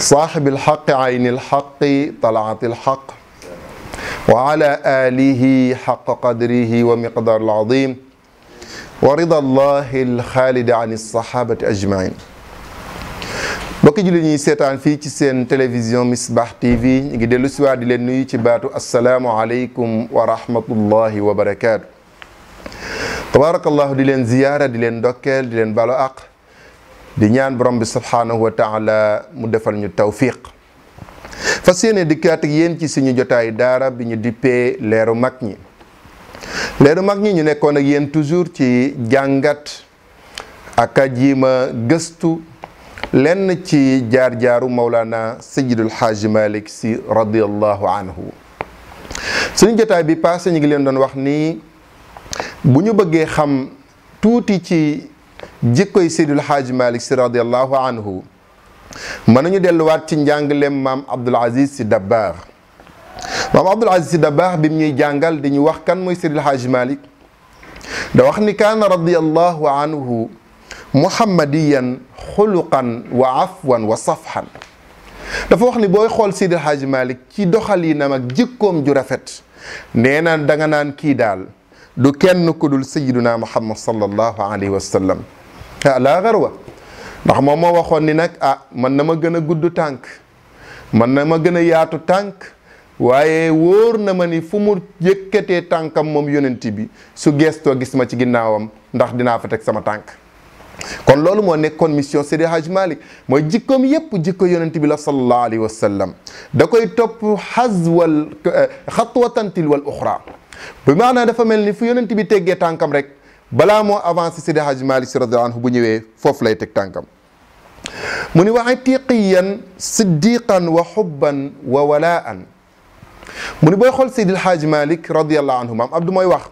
صاحب الحق عين الحق طلعة الحق وعلى آله حق قدره ومقدار العظيم ورضا الله الخالد عن الصحابة أجمعين mbokki jullit ñuy seetaan fii ci seen télévision Misbah TV ñu ngi dellu si waat di leen nuyu ci baatu asalaamualeykum wa rahmatullahi wa barakaatu tabaarakallahu di leen ziyaara di leen ndokkeel di leen balo aq di ñaan borom bi subhaanahu wa taala mu defal ñu tawfiq fas yéene dikkaat ak yéen ci suñu jotaayu daara bi ñu dippee leeru mag ñi leeru mag ñi ñu nekkoon ak yéen toujours ci jàngat ak a jiima gëstu lenn ci jaar-jaaru Mawlana Sayyidul Haaji Malik si radiyallahu anhu suñu jotaay bi passé ñu ngi leen doon wax nii bu ñu bëggee xam tuuti ci jikkoy Seydil Haaji Malick si radiallahu anhu mën nañu delluwaat ci njàngaleem maam Abdoul Aziz si Dabakh maam Abdoul Aziz si Dabakh bi ñuy jàngal dañuy wax kan mooy Seydil Haaji Malick da wax ni kaana radiallahu anhu muhammadiyan xuluqan wa afwan wa safhan dafa wax ni booy xool Seydil Haaji Malick ci doxalinam ak jikkoom ju rafet nee na danga naan kii daal du kenn ku dul sayyiduna muhammad sallallahu alayhi wa sallam ah laa garwa ndax mom mo waxon ni nak ah man na ma gëna a gudd tànk man na ma gëna yaatu tànk waye wóor na ma ni fu mu yëkkatee tànkam mom yonenti bi su gesto gis ma ci ginnawam ndax dina fa tek sama tànk kon lolu mo nekkon mission sidi haj Malik mooy jikkoom yep jikko yonent bi la sallallahu alayhi wasallam sallam da koy topp xazwal xatwatantil wal uxra bi maanaam dafa mel ni fu yonent bi teggee tànkam rek balaa moo avancé Seydi Hadji Malick Sy radiyallahu anhu bu ñëwee foofu lay teg tànkam mu ni wa atiqiyan siddiqan wa xubban wa walaan mu ni booy xool Seydil Hadji Malick radiyallahu anhu maam Abdou mooy wax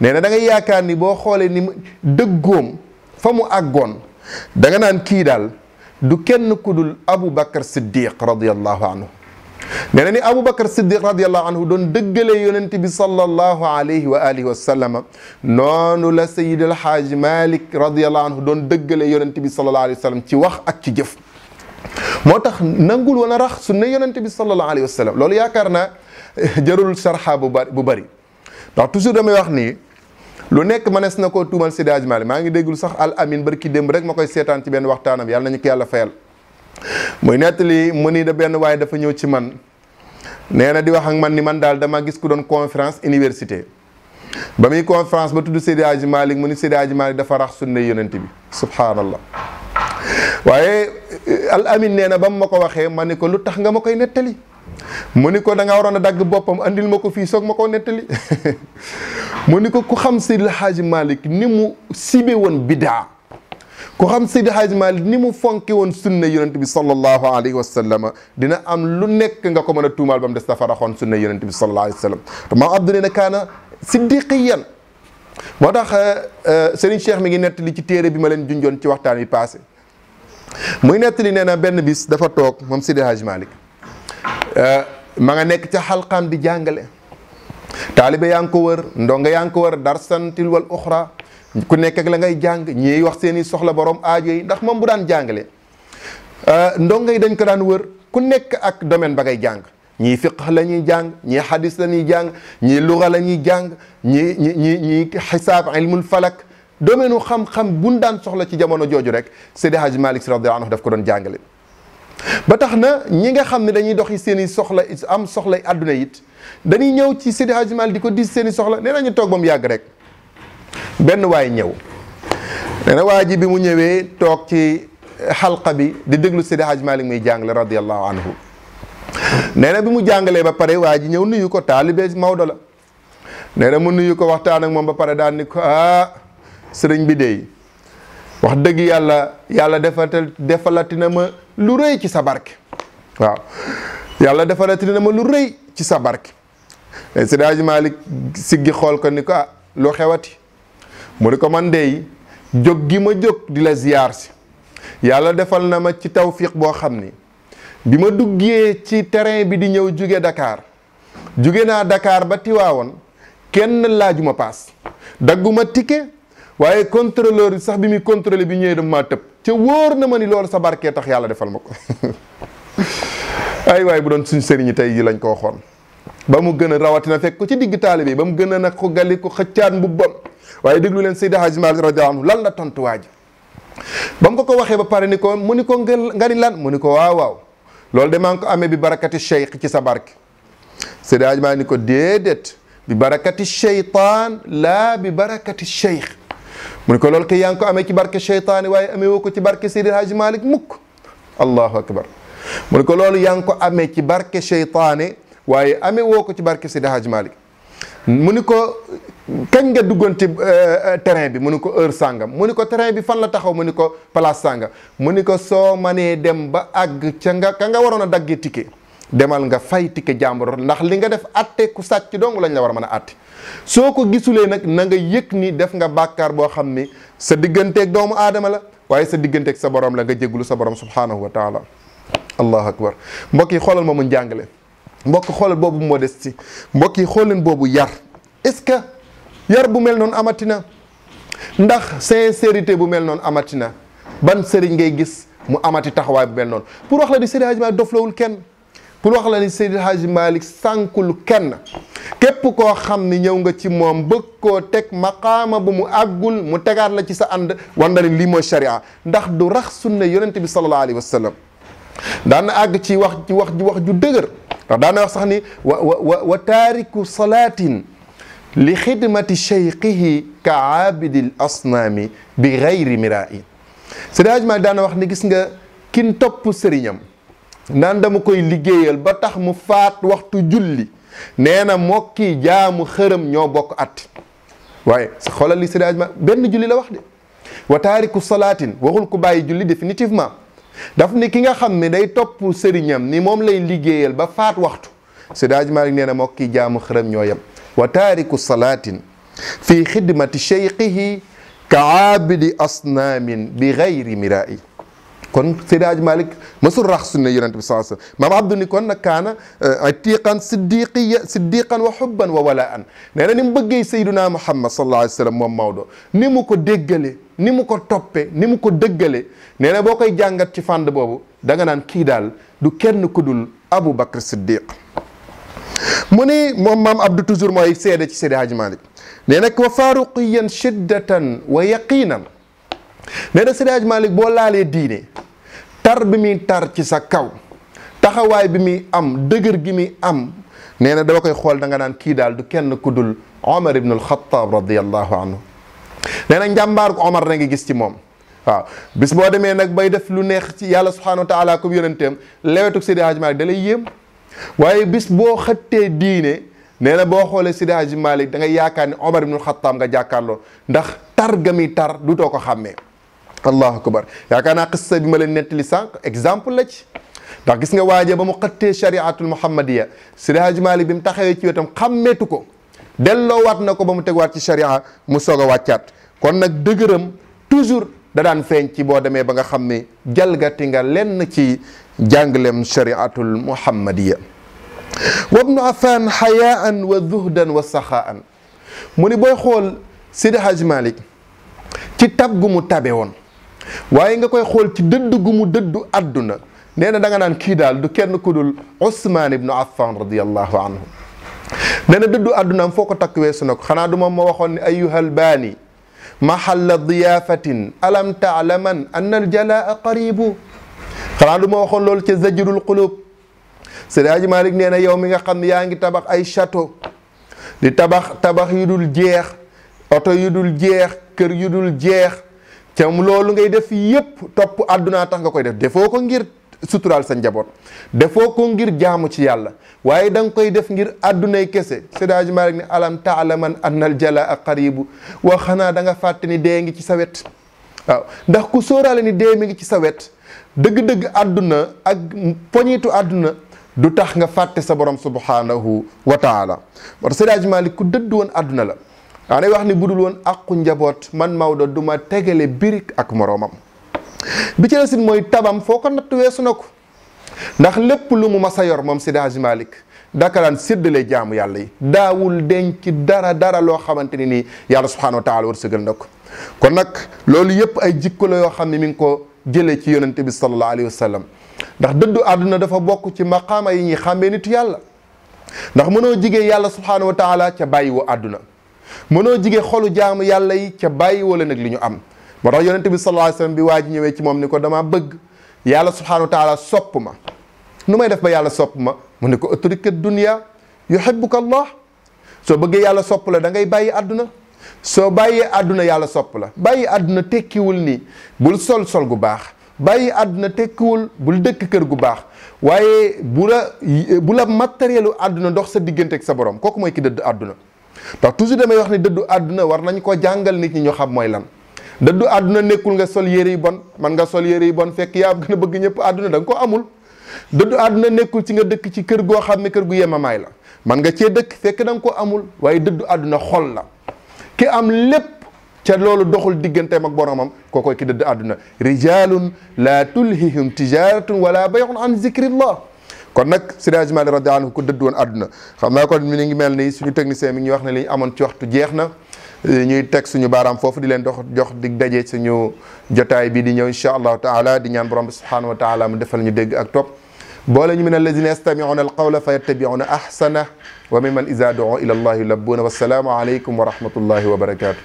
nee na da ngay yaakaar ni boo xoolee ni dëggoom fa mu àggoon da nga naan kii daal du kenn ku dul Abu Bakar Siddiq radiyallahu anhu nee na ni Aboubacar Siddiq radiallahu anhu doon dëggale yonent bi sallallahu alayhi wa alihi wa sallama noonu la Sayid El Hadj Malick radiallahu anhu doon dëggale yonent bi sallallahu alayhi wa sallam ci wax ak ci jëf. moo tax nangul wala rax sunna yonent bi sallallahu alayhi wa sallam loolu yaakaar naa eh, jarul sarxa bu bari bu bari ndax toujours damay wax nii lu nekk mënees na koo tuumal Seydi El Hadj Malick maa ngi déggul sax al amin barki démb rek ma koy seetaan ci benn waxtaanam yàlla nañu ko yàlla fayal. muy nettali mu nii da benn waaye dafa ñëw ci man nee na di wax ak man ni man daal dama gis ku doon conférence université ba muy conférence ba tudd Seydi Hadji Malick mu ni Seydi Hadji Malick dafa rax sunne yonent bi subhaanallah waaye al amin nee na ba mu ma ko waxee ma ni ko lu tax nga ma koy nettali mu ni ko da ngaa waroon a dagg boppam andil ma ko fii soog ma koo nettali mu ni ko ku xam Seydi Hadji Malick ni mu sibe woon bidaa ko xam Seydi Hadj mal ni mu fonki won sunna yaronte bi sallallahu alayhi wa sallam dina am lu nek nga ko meuna tumal bam dess safara des sunna yaronte bi sallallahu alayhi wa sallam te maam Abdou nee na kaana siddiqiyan moo Serigne Cheikh mi ngi nettali ci tere bi ma len junjoon ci waxtan yi passé muy nettali nee na benn bis dafa toog moom Seydi Hadj Malick ma nga nek ci halqam di jàngale talibe yaa ko wër ndonga yaa ngi ko wër darsantil wal uxra ku nekk ak la ngay jàng ñii wax seeni soxla borom aajo yi ndax moom bu daan jàngale euh, ndongo yi dañ ko daan wër ku nekk ak domaine ba ngay jàng ñii fiqh la ñuy jàng ñii xadis la ñuy jàng ñii luga lañuy ñuy jàng ñii ñi ñi ñii xisaab ilmul falak domaine u xam-xam buñ daan soxla ci jamono jooju rek Seydi Hadji Malick Sy radiyallahu daf ko doon jàngale ba tax na ñi nga xam ne dañuy doxi seen i soxla am soxla adduna it dañuy ñëw ci Seydi Hadji Malick di ko dis seeni soxla nee nañu toog mu yàgg rek benn waay ñëw nee na waa ji bi mu ñëwee toog ci xalqa bi di déglu Seydi Hajj Malick muy jàngale radiyallahu anhu nee na bi mu jàngalee ba pare waa ji ñëw nuyu ko taalibe Maodo la nee na mu nuyu ko waxtaan ak moom ba pare daan ni ko ah sëriñ bi dey wax dëgg yàlla yàlla defatal defalatina ma lu rëy ci sa barke waaw yàlla defalatina ma ci sa barke Seydi Hajj Malick siggi xool ko ni ko ah loo xewati mu ne ko man dey jóg gi ma jóg di la ziyaar si yàlla defal na ma ci tawfiq boo xam ni bi ma duggee ci terrain bi di ñëw jóge dakaar jóge naa dakaar ba Tiwaawoon kenn laajuma paas dagguma ticket waaye contrôleur bi sax bi muy contrôlé bi ñëwee dama maa tëb ca wóor na ma ni loolu sa barkee tax yàlla defal ma ko ay waay bu doon suñ sëriñ tey yi lañ ko waxoon ba mu gën rawatina fekk ko ci digg taalibe ba mu gën nag ko gali ko xëccaan mbubbam waaye déglu leen Seydi Hadji Malick radiyallahu anhu lan la tontu waa ji ko ko waxee ba pare ni ko mu ni ko nga ni lan mu ni ko waaw waaw loolu de maa ngi ko amee bi barakati cheikh ci sa barke Seydi Hadji Malick ni ko déedéet bi barakati cheytaan la bi barakati cheikh mu ni ko loolu kay yaa ko amee ci barke cheytaani waaye amee wo ko ci barke Seydi Hadji Malick mukk allahu akbar mu ni ko loolu yaa ngi ko amee ci barke cheytaani waaye amee woo ko ci barke Seydi Hadji mu ni ko kañ nga duggoon ci euh, euh, terrain bi mu ni ko heure sàngam mu ni ko terrain bi fan la taxaw mu ni ko place sàngam mu ni ko soo manee dem ba àgg ca nga ka nga waroon a daggee ticket demal nga fay ticket jàmbur ndax li nga def atte ku sàcc dong lañu la war a mën a atte soo ko gisulee nag na nga yëg ni def nga bàkkaar boo xam ni sa digganteeg doomu aadama la waaye sa digganteek sa borom la nga jéglu sa borom subhaanahu wa taala allahu akbar mbokk yi xoolal ma mu jàngale mbokk xoolal boobu modestie mbokk yi xool leen boobu yar est-ce que yar bu mel noonu na ndax sincérité bu mel noonu amati na ban sëriñ ngay gis mu amati taxawaay bu mel noonu pour wax la ni Seydi Hadji Malick doflawul kenn pour wax la ni Seydi Hadji Malick sànkul kenn képp koo xam ni ñëw nga ci moom bëgg koo teg maqaama bu mu àggul mu tegaat la ci sa ànd war na lii mooy sharia ndax du rax sunna yonente bi sallallahu alayhi wa sallam daan na àgg ci wax ci wax ji wax ju dëgër ndax daana wax sax ni wa wa wa taariku salaatin li xidmati cheyqihi ka aabidil asnaami bi gayri mirain Seydi Hadji Malick daana wax ni gis nga kin topp sëriñam naan dama koy liggéeyal ba tax mu faat waxtu julli nee na mokki jaamu xërëm ñoo bokk at waaye xoolal li Seydi Hadji Malick benn julli la wax de wa taariku salaatin waxul ku bàyyi julli définitivement daf ni ki nga xam ne day topp sëriñam ni moom lay liggéeyal ba faat waxtu Seydi Hadji Malick nee na jaamu xërëm ñoo yem wa taariku salaatin fi xidmati cheikhihi ka aabidi asnaamin bi gayri miraa'i kon Seydi Hadji Malick mësul rax sunna yonent bi saa sallam maam Abdou ni kon nag kaana eh, atiqan siddiqiya siddiqan wa xubban wa walaan nee na ni mu bëggee Seydina Muhammad sallallahu alayhi wa sallam moom Maodo ni mu ko déggalee ni mu ko toppe ni mu ko dëggale nee na boo koy jàngat ci fànn boobu danga naan kii daal du kenn ku dul Abu Bakr Siddiq mu ni moom maam Abdou toujours mooy seede ci Seydi Hadji Malick nee nag wa faaruqiyan shiddatan wa yaqinan nee na Seydi Hadji Malick boo laalee diine tar bi muy tar ci sa kaw taxawaay bi muy am dëgër gi muy am nee na dama koy xool da nga naan kii daal du kenn ku dul Omar ibn al-Khattab anhu nee na njàmbaar gu Omar na nga gis ci moom waaw bis boo demee nag bay def lu neex ci yàlla subhanahu wa taala comme yonenteem lewetuk Seydi Hadji Malick da lay yéem waaye bis boo xëttee diine nee na boo xoolee Seydi Hadji Malick da nga yaakaar Omar ibnul Xattaab nga jàkkaarloo ndax tar ga tar du too ko xàmmee allahu akbar yaakaar naa xissa bi ma leen exemple la ci ndax gis nga waaje ba mu xëttee chariatul muhammadiya Seydi Hadji Malick bi mu taxawee ci wetam xàmmeetu ko delloowaat na ko ba mu tegwaat ci charia mu soog a kon nak dëgëram toujours da dan feñ ci bo demé ba nga xamné ne jalgati nga lenn ci jànglem shariatul muhammadiya wabnu afan haya'an wa zuhdan wa sakha'an muni boy xol sidi haj malik ci tab gu mu tabe won waye nga koy xol ci dëdd gu mu dëddu aduna neena da nga nan ki dal du kenn kudul usman ibn affan radiyallahu anhu neena na aduna àddunaam foo ko takk weesu na du moom ma waxon ni ayyuhal bani mahalla diyaafatin alam taalaman ann aljalaa qaribu xanaa lu ma waxoon loolu ca zajrul qulub Seydi Hadji Malick nee na yow mi nga xam ne yaa ngi tabax ay château di tabax tabax yu dul jeex oto yu dul jeex kër yu dul jeex ca loolu ngay def yépp topp àdduna tax nga koy def defoo ko ngir suturaal sa njaboot defoo ko ngir jaamu ci yàlla waaye da nga koy def ngir àddunay kese séddaaj maa rek ne alam taalaman annal jalaa qaribu wa xanaa da nga fàtte ni dee ngi ci sa wet waaw ndax ku sóoraale ni dee mi ngi ci sa wet dëgg-dëgg àdduna ak poñitu àdduna du tax nga fàtte sa borom subhaanahu wa taala moo tax séddaaj maa ku dëdd àdduna la daa nay wax ni budul woon àqu njaboot man Maodo du ma tegale birik ak moroomam bi ci mooy tabam foo ko natt weesu na ko ndax lépp lu mu ma sa yor moom Seydi Hadji Malick daka daan séddale jaamu yàlla yi daawul ci dara dara loo xamante ne nii yàlla subhaanahu wa taala sëggal na ko kon nag loolu yépp ay jikko la yoo xam ne mi ngi ko jëlee ci yonente bi sallallahu alayhi wa sallam ndax dëddu àdduna dafa bokk ci maqaama yi ñuy xàmmee nitu yàlla ndax mënoo jigee yàlla subhaanahu wa taala ca bàyyiwoo àdduna mënoo jigee xolu jaamu yàlla yi ca bàyyiwoo nag li ñu am moo tax yonente bi sallallahu bi waa ji ñëwee ci moom ni ko dama bëgg yàlla subhanahu wa taala sopp ma nu may def ba yàlla sopp ma mu ne ko autorité dunia yuhibbuka allah soo bëggee yàlla sopp la da ngay bàyyi àdduna soo bàyyee àdduna yàlla sopp la bàyyi àdduna tekkiwul nii bul sol sol gu baax bàyyi àdduna tekkiwul bul dëkk kër gu baax waaye bu la bu la matérielu àdduna ndox sa diggante ak sa borom kooku mooy ki dëdd àdduna ndax toujours damay wax ni dëddu àdduna war nañ ko jàngal nit ñi ñoo xam mooy lan dëddu àdduna nekkul nga sol yére yu bon man nga sol yére yu bon fekk yaa gën a bëgg ñëpp àdduna da nga ko amul dëddu àdduna nekkul ci nga dëkk ci kër goo xam ne kër gu yemamaay la man cee dëkk fekk da ko amul dëddu àdduna xol la ki am lépp ca loolu doxul digganteem ak boromam kooko ki dëdd àdduna rijalun la tulhihim tijaratun wala bayun an zikrillah kon nag Siraj Mali radiyallahu anhu ko dëdd woon àdduna xam naa kon mi ngi mel ni suñu technicien mi ñu wax ne li ñu amoon ci waxtu jeex na ñuy tek suñu baram fofu di len dox jox di daje suñu jotaay bi di ñëw inshallah taala di ñaan borom subhanahu wa taala mu defal ñu dégg ak top bo la ñu min alladina yastamiuna alqawla fa yattabiuna ahsana wa mimman iza du'a ila allahi labbuna wa assalamu alaykum wa rahmatullahi wa barakatuh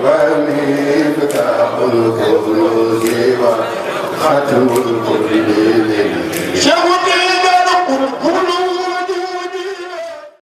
ومفتاح الخلود وختم الخلود